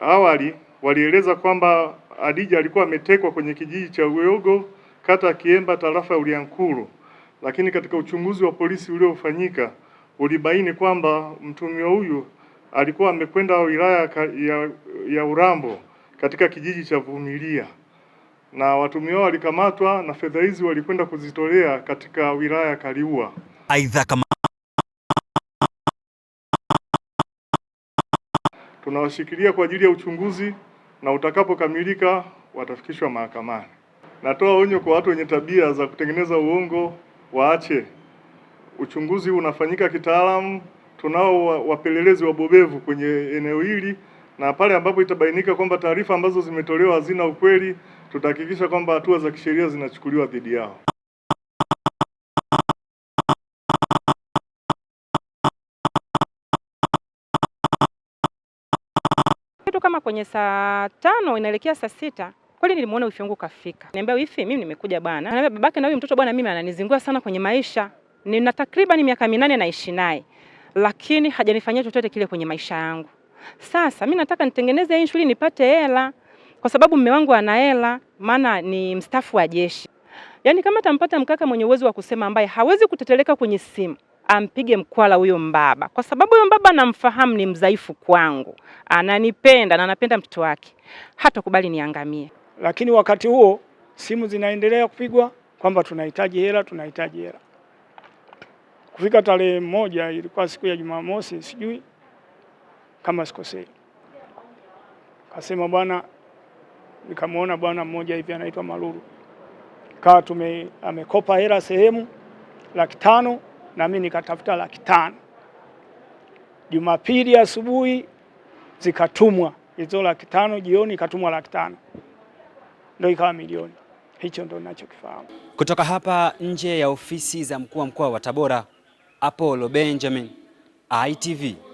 Awali walieleza kwamba Adija alikuwa ametekwa kwenye kijiji cha Uyogo, kata ya Kiemba, tarafa ya Uliankuru, lakini katika uchunguzi wa polisi uliofanyika ulibaini kwamba mtumio huyu alikuwa amekwenda wilaya ya, ya Urambo katika kijiji cha Vumilia na watumio walikamatwa na fedha hizi walikwenda kuzitolea katika wilaya ya Kaliua. Aidha kama tunawashikilia kwa ajili ya uchunguzi na utakapokamilika watafikishwa mahakamani. Natoa onyo kwa watu wenye tabia za kutengeneza uongo waache. Uchunguzi unafanyika kitaalamu, tunao wapelelezi wabobevu kwenye eneo hili, na pale ambapo itabainika kwamba taarifa ambazo zimetolewa hazina ukweli, tutahakikisha kwamba hatua za kisheria zinachukuliwa dhidi yao. kitu kama kwenye saa tano inaelekea saa sita kweli nilimuona wifi wangu kafika, niambia wifi, mimi nimekuja bwana. Anaambia babake na huyu mtoto bwana, mimi ananizingua sana kwenye maisha, nina takriban miaka minane naishi naye, lakini hajanifanyia chochote kile kwenye maisha yangu. Sasa mimi nataka nitengeneze hii shule nipate hela, kwa sababu mume wangu ana hela, maana ni mstaafu wa jeshi. Yaani kama tampata mkaka mwenye uwezo wa kusema, ambaye hawezi kuteteleka kwenye simu ampige mkwala huyo mbaba, kwa sababu huyo mbaba namfahamu, ni mdhaifu kwangu, ananipenda na anapenda mtoto wake, hata kubali niangamie. Lakini wakati huo simu zinaendelea kupigwa kwamba tunahitaji hela, tunahitaji hela. Kufika tarehe moja, ilikuwa siku ya Jumamosi, sijui kama sikosei, kasema bwana, nikamwona bwana mmoja hivi anaitwa Maruru, kawa tume amekopa hela sehemu laki tano na mimi nikatafuta laki tano. Jumapili asubuhi zikatumwa hizo laki tano, jioni ikatumwa laki tano, ndio ikawa milioni. Hicho ndio ninachokifahamu kutoka hapa nje ya ofisi za mkuu wa mkoa wa Tabora. Apollo Benjamin, ITV.